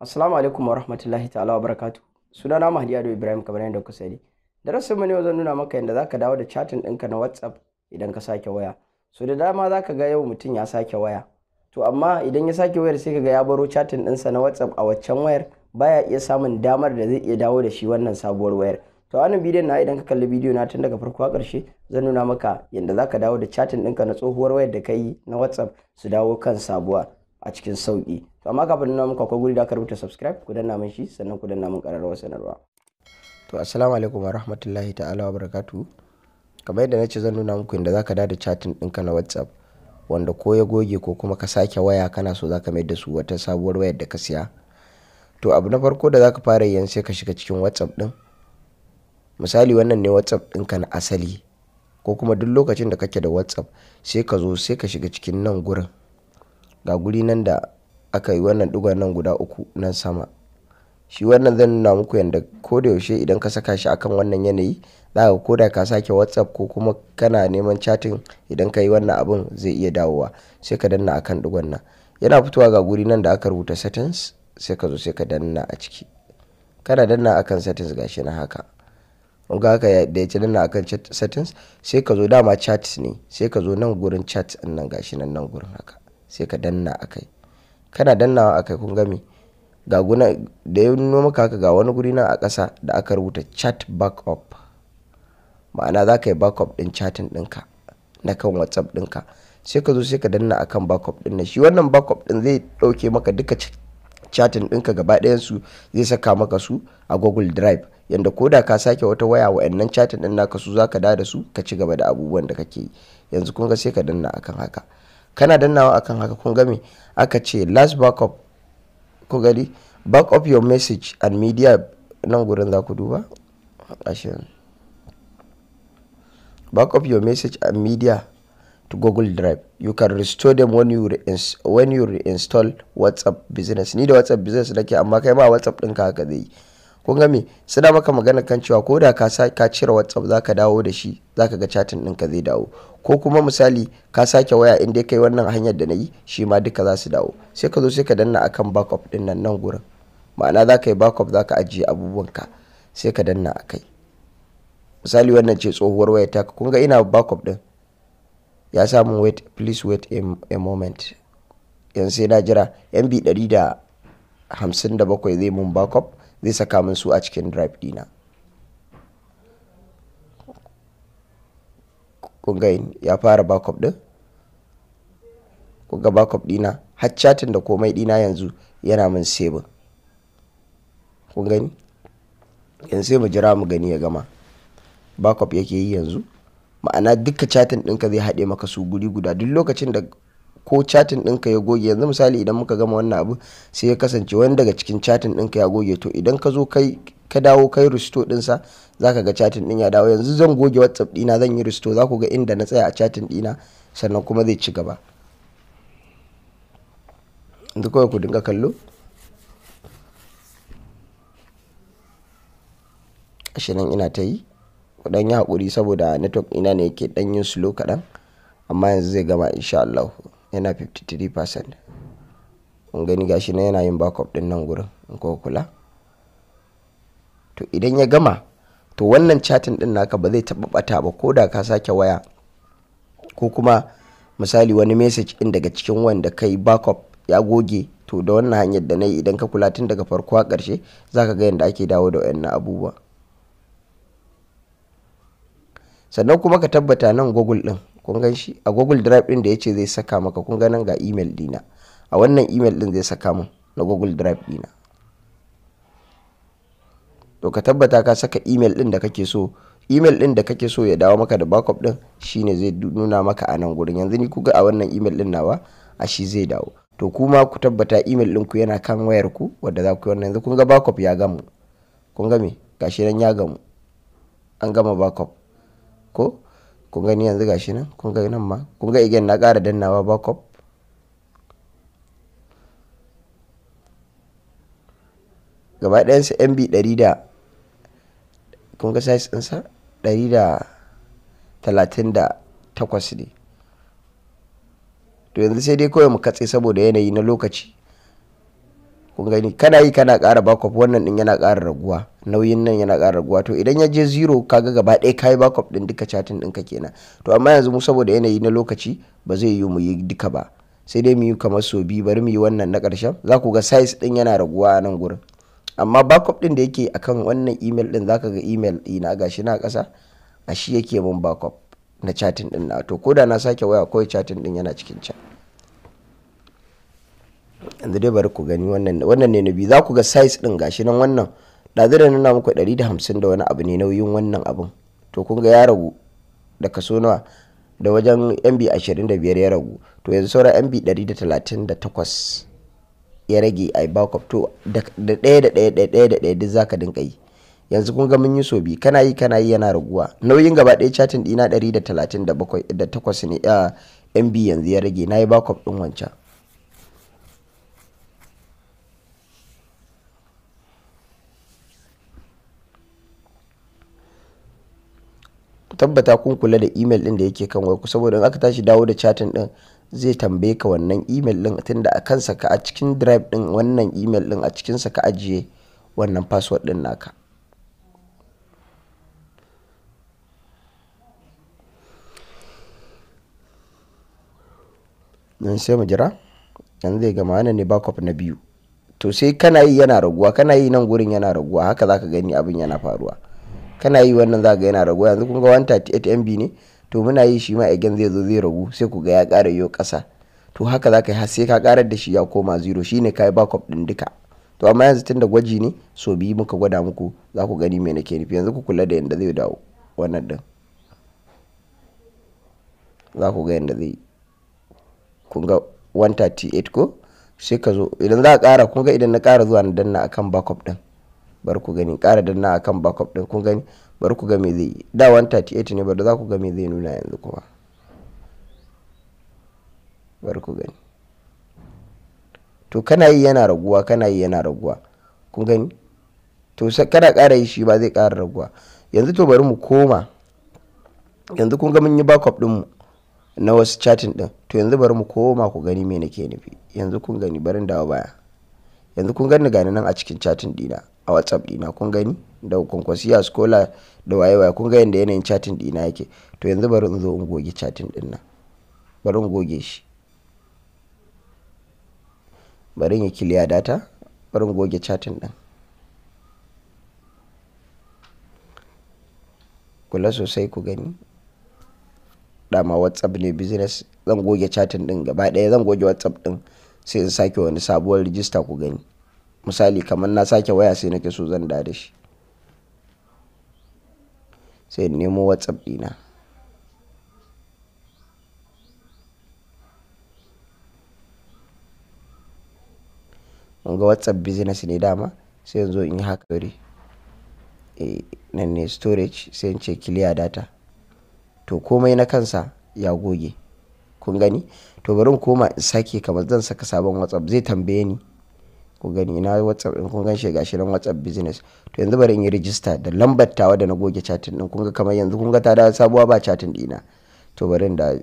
Assalamu alaikum wa rahmatullahi ta'ala wa barakatu. Sunana Mahdi Ado Ibrahim kamar yadda kuka sani. Darasin mu ne zan nuna maka yadda zaka dawo da chatting ɗinka na WhatsApp idan ka sake waya. So da dama zaka ga yau mutum ya sake waya. To amma idan ya sake wayar sai kaga ya baro chatting ɗinsa na WhatsApp a waccan wayar baya iya samun damar da zai iya dawo da shi wannan sabuwar wayar. To a wannan bidiyon na idan ka kalli bidiyo na tun daga farko a ƙarshe zan nuna maka yadda zaka dawo da chatting ɗinka na tsohuwar wayar da ka yi na WhatsApp su dawo kan sabuwa a cikin sauki. to amma kafin nuna muku akwai guri da aka rubuta subscribe ku danna min shi sannan ku danna min ƙararrawar sanarwa to assalamu alaikum wa rahmatullahi ta'ala wa barakatu kamar yadda nace zan nuna muku inda zaka dada chatting ɗinka na whatsapp wanda ko ya goge ko kuma ka sake waya kana so zaka mai da su wata sabuwar wayar da ka siya to abu na farko da zaka fara yin sai ka shiga cikin whatsapp din misali wannan ne whatsapp ka na asali ko kuma duk lokacin da kake da whatsapp sai ka zo sai ka shiga cikin nan gurin ga guri nan da aka yi wannan digon nan guda uku nan sama shi wannan zan nuna muku yadda ko da yaushe idan ka saka shi akan wannan yanayi za ka koda ka sake whatsapp ko kuma kana neman chatting idan ka yi wannan abun zai iya dawowa sai ka danna akan digon nan yana fitowa ga guri nan da aka rubuta settings sai ka zo sai ka danna a ciki kana danna akan settings gashi na haka in ga haka da ya ci danna akan settings sai ka zo dama chat ne sai ka zo nan gurin chat nan gashi nan nan gurin haka sai ka danna akai kana dannawa a kai kun gami ga guna da ya nuno maka haka ga wani guri na a kasa da aka rubuta chat backup ma'ana za ka yi backup din chatin ɗinka na kan whatsapp ɗinka sai ka zo sai ka danna akan backup din na shi wannan backup din zai ɗauke maka duka chatin ɗinka gaba su zai saka maka su a google drive yanda ko da ka sake wata waya wa'annan chatin ɗin naka su za ka da su ka ci gaba da abubuwan da kake yi yanzu kun ga sai ka danna akan haka kana dannawa akan haka kun gami aka ce last backup ku gari back up your message and media nan gurin za ku duba ashirin back up your message and media to google drive you can restore them when you, when you reinstall whatsapp business ni da whatsapp business nake amma kai ma whatsapp ɗinka haka zai yi kun ga me da maka magana kan cewa ko da ka ka cire whatsapp zaka dawo da shi zaka ga din ka zai dawo ko kuma misali ka sake waya in dai kai wannan hanyar da na yi shi ma duka za su dawo sai ka zo sai ka danna akan backup ɗin nan nan gurin ma'ana zaka yi backup zaka ka ajiye abubuwanka sai ka danna a kai misali wannan ce tsohuwar waya ta kun ga ina backup din ya samu wait please wait a, moment yanzu sai na jira mb 157 zai mun backup zai saka min su a cikin drive dina kunga ya fara backup din kunga backup dina har chatin da komai dina yanzu yana min sebin kun yanzu sai mu jira mu gani ya gama backup yake yi yanzu ma'ana duka chatin ɗinka zai haɗe maka su guri guda duk lokacin da ko chatin ɗinka ya goge yanzu misali idan muka gama wannan abu sai ya kasance wani daga cikin chatin ɗinka ya goge to idan ka zo kai ka dawo kai risto ɗinsa za ka ga chatin ɗin ya dawo yanzu zan goge whatsapp ɗina zan yi risto za ku ga inda na tsaya a chatin ɗina sannan kuma zai ci gaba yanzu kawai ku dinga kallo ashirin ina ta yi kudan yi haƙuri saboda network ina ne yake ɗanyin slow kaɗan amma yanzu zai gama insha Allah. yana 53% in gani gashi na yana yin backup din nan gurin in ko kula to idan ya gama to wannan chatin din naka ba zai taɓa ɓata ba ko da ka sake waya ko kuma misali wani message din daga cikin wanda kai backup ya goge to da wannan hanyar da na yi idan ka kula tun daga farko a karshe za ga yadda ake dawo da wayannan abubuwa sannan kuma ka tabbata nan google din kun gan shi a google drive din da ya ce zai saka maka kun ganin ga email dina a wannan email din zai saka mun na google drive dina to ka tabbata ka saka email din da kake so email din da kake so ya dawo maka da backup din shine zai nuna maka a nan gurin yanzu ni ku ga a wannan email din nawa a shi zai dawo to kuma ku tabbata email ku yana kan wayar ku wadda za ku yi wannan yanzu kun ga backup ya gamu kun ga me gashi nan ya gamu an gama backup ko kun gani yanzu ga shi nan kun ga nan ma kun ga igen na ƙara dannawa backup gaba su mb 100 da kun ga size ɗinsa 138 ne to yanzu sai dai kawai mu katse saboda yanayi na lokaci kun gani kana yi kana ƙara backup wannan din yana ƙara raguwa nauyin nan yana ƙara raguwa to idan ya je zero kaga gaba ɗaya kayi backup din duka chatin ka kenan to amma yanzu mu saboda yanayi na lokaci ba zai yi mu yi duka ba sai dai mu yi kamar so biyu bari mu yi wannan na ƙarshen za ku ga size din yana raguwa a nan gurin amma backup ɗin da yake akan wannan email din zaka ga email ɗina gashi na ƙasa a shi yake mun backup na chatin ɗin na to ko da na sake waya kawai chatin din yana cikin chat yanzu dai bari ku gani wannan wannan ne na biyu za ku ga size din gashi nan wannan ɗazu da nuna muku 150 da wani abu ne nauyin wannan abun to kun ga ya ragu da kaso nawa da wajen mb 25 ya ragu to yanzu sauran mb 138 ya rage a backup to da ɗaya da ɗaya ɗaya da ɗaya duk zaka dinka yi yanzu kun ga mun yi sobi kana yi kana yi yana raguwa nauyin gaba ɗaya chatin ɗina 138 ne ah, mb yanzu ya rage na yi backup ɗin wancan tabbata kun kula da email din da yake kan wayar saboda in aka tashi dawo da chatting din zai tambaye ka wannan email din tunda a kansa ka a cikin drive din wannan email din a cikin sa ka ajiye wannan password din naka nan sai mu jira yanzu zai gama wannan ne backup na biyu to sai kana yi yana raguwa kana yi nan gurin yana raguwa haka zaka gani abin yana faruwa kana yi wannan za ga yana ragu yanzu kun ga 138 MB ne to muna yi shi ma again zai zo zai ragu sai ku ga ya ƙara yo ƙasa to haka za ka yi har sai ka ƙarar da shi ya koma zero shine kai backup ɗin duka to amma yanzu tunda gwaji ne so biyu muka gwada muku za ku gani me nake nufi yanzu ku kula da yanda zai dawo wannan din za ku ga yanda zai kun ga 138 ko sai ka zo idan za a ƙara kun ga idan na ƙara zuwa na danna akan backup ɗin bar ku gani ƙara danna akan backup din kun gani bar ku ga me zai yi da 138 ne ba da za ku ga me zai nuna yanzu kuma bar ku gani to kana yi yana raguwa kana yi yana raguwa kun gani to kada ƙara yi shi ba zai ƙara raguwa yanzu to bari mu koma yanzu kun ga mun yi backup din mu na wasu chatting din to yanzu bari mu koma ku gani me nake nufi yanzu kun gani barin dawo baya yanzu kun gani gani nan a cikin chatting dina a whatsapp dina kun gani da kwankwasiya scholar da waye waye kun ga yadda yanayin chatin dina yake to yanzu bari in zo in goge chatin din nan bari in goge shi bari in yi kiliya data bari in goge chatin din kula sosai ku gani dama whatsapp ne business zan goge chatin din gaba daya zan goge whatsapp din sai in sake wani sabuwar rijista ku gani misali kamar na sake waya sai nake so zan da shi sai nemo whatsapp dina ga whatsapp business ne dama sai yanzu in yi haka eh, nan ne storage sai ce clear data to komai na kansa ya goge kun gani to bari koma in sake kamar zan saka sabon whatsapp zai tambaye ni ku gani na whatsapp din kun ganshi gashi nan whatsapp business to yanzu bari in yi register da lambar tawa da na goge chatin din kun ga kamar yanzu kun ga ta da sabuwa ba chatin dina to bari da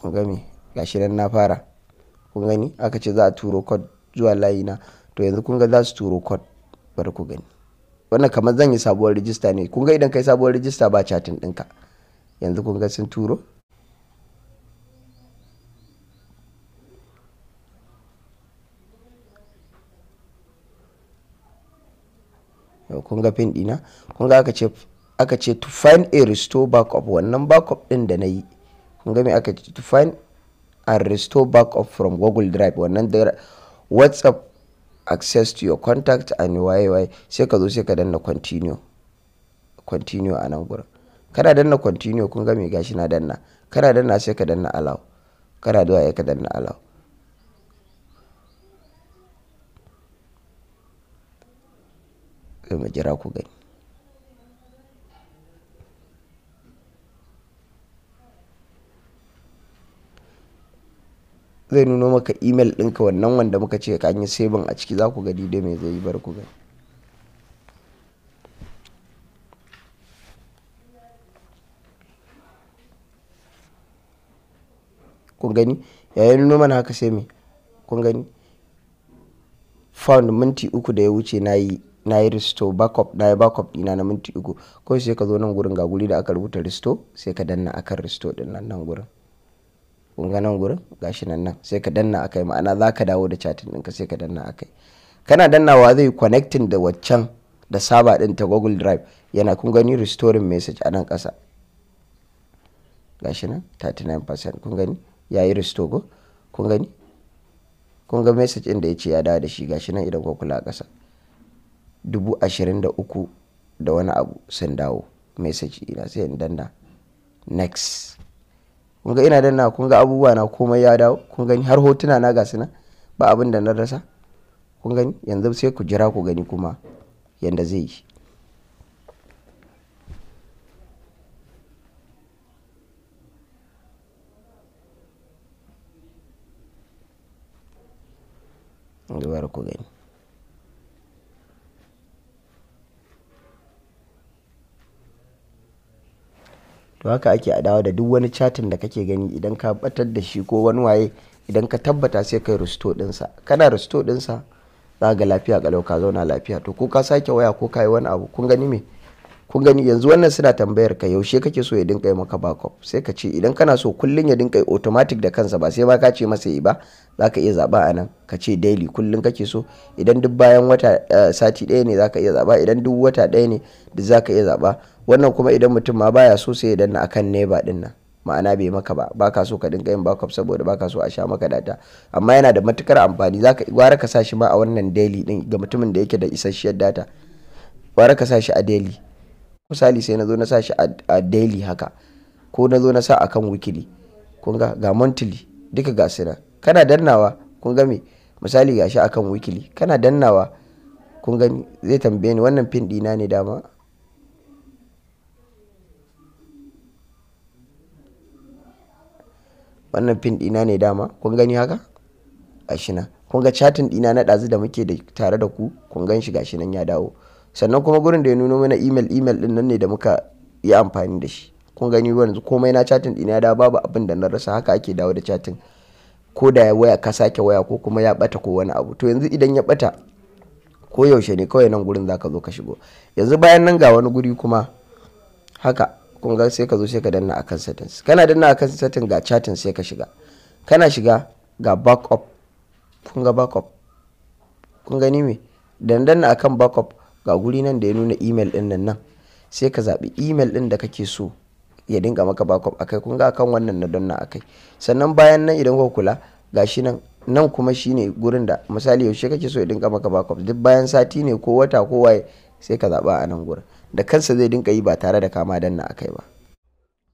kun gani gashi nan na fara kun gani aka ce za a turo code zuwa layi na to yanzu kun ga za su turo code bari ku gani wannan kamar zan yi sabuwar register ne kun ga idan kai sabuwar register ba chatin ka yanzu kun ga sun turo kun ga fin dina kun ga aka ce aka ce to find a restore backup wannan backup din da na yi kun ga me aka ce to find a restore backup from google drive wannan da whatsapp access to your contact and yy sai ka zo sai ka danna continue continue a nan gurin kana danna continue kun ga me gashi na danna kana danna sai ka danna allow kana zuwa ya ka danna allow kai mu jira ku gani zai nuno maka imel ɗinka wannan wanda muka ce ka yi sabon a ciki za ku ga dai mai zai yi bar ku gani kun gani yayin nuno mana haka sai mai kun gani found minti uku da ya wuce na yi na yi risto backup na yi backup dina na minti uku ko sai ka zo nan gurin ga guri da aka rubuta risto sai ka danna akan risto din nan nan gurin kun ga nan gurin gashi nan nan sai ka danna akai ma'ana za ka dawo da chatin ɗinka sai ka danna akai kana dannawa zai connecting da waccan da saba din ta google drive yana kun gani restoring message a nan ƙasa gashi nan 39% kun gani yayi resto go kun gani kun ga message ɗin da ya ce ya dawo da shi gashi nan idan ku kula a ƙasa dubu ashirin da wani abu sun dawo message ina sai in danna next kun ga ina danna kun ga abubuwa na komai ya dawo kun gani har hotuna na gasu na ba abin da na rasa kun gani yanzu sai ku jira ku gani kuma yanda zai yi ku gani to haka ake a dawo da duk wani chatin da kake gani idan ka batar da shi ko wani waye idan ka tabbata sai kai rusto dinsa kana rusto dinsa za ga lafiya kalau ka zauna lafiya to ko ka sake waya ko ka wani abu kun gani me kun gani yanzu wannan suna tambayar ka yaushe kake so ya dinka yi maka backup sai ka ce idan kana so kullun ya dinka yi automatic da kansa ba sai ma ka ce masa yi ba za ka iya zaba a nan ka ce daily kullun kake so idan duk bayan wata eh, sati ɗaya ne za ka iya zaba idan duk wata ɗaya ne duk za ka iya zaba wannan kuma idan mutum ma baya so sai ya danna akan neba din nan ma'ana bai maka ba baka so ka dinga yin backup saboda baka so a sha maka data amma yana da matukar amfani ka gwara ka sa shi ma a wannan daily din ga mutumin da yake da isasshiyar data gwara ka sa shi a daily misali sai na zo na sa shi a daily haka ko na zo na sa akan wikili kun ga ga monthly duka ga suna kana dannawa kun ga me misali gashi akan wikili kana dannawa kun gani zai tambaye ni wannan pin dina ne dama wannan pin dina ne dama kun gani haka gashi kun ga chatin dina na dazu da muke da tare da ku kun gan shi gashi nan ya dawo sannan kuma gurin da ya nuno mana email email din nan ne da muka yi amfani da shi kun gani wani komai na chatting dina da babu abin da na rasa haka ake dawo da chatting ko da ya waya ka sake waya ko kuma ya bata ko wani abu to yanzu idan ya bata ko yaushe ne kawai nan gurin zaka zo ka shigo yanzu bayan nan ga wani guri kuma haka kun ga sai ka zo sai ka danna akan settings kana danna akan settings ga chatting sai ka shiga kana shiga ga backup kun ga backup kun gani me dandan akan backup ga guri nan da ya nuna email din nan nan sai ka zaɓi email din da kake so ya dinga maka backup akai kun ga kan wannan na donna akai sannan bayan nan idan ka kula gashi nan nan kuma shine gurin da misali yaushe kake so ya dinga maka backup duk bayan sati ne ko wata ko waye sai ka zaɓa a nan gurin da kansa zai dinga yi ba tare da kama danna akai ba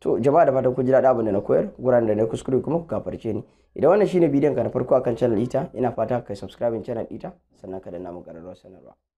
to jama'a da fatan ku ji daɗin abin da na koyar guran da na kuskure kuma ku gafarce ni idan wannan shine bidiyon ka na farko akan channel ita ina fata ka subscribe channel ita sannan ka danna mu sanarwa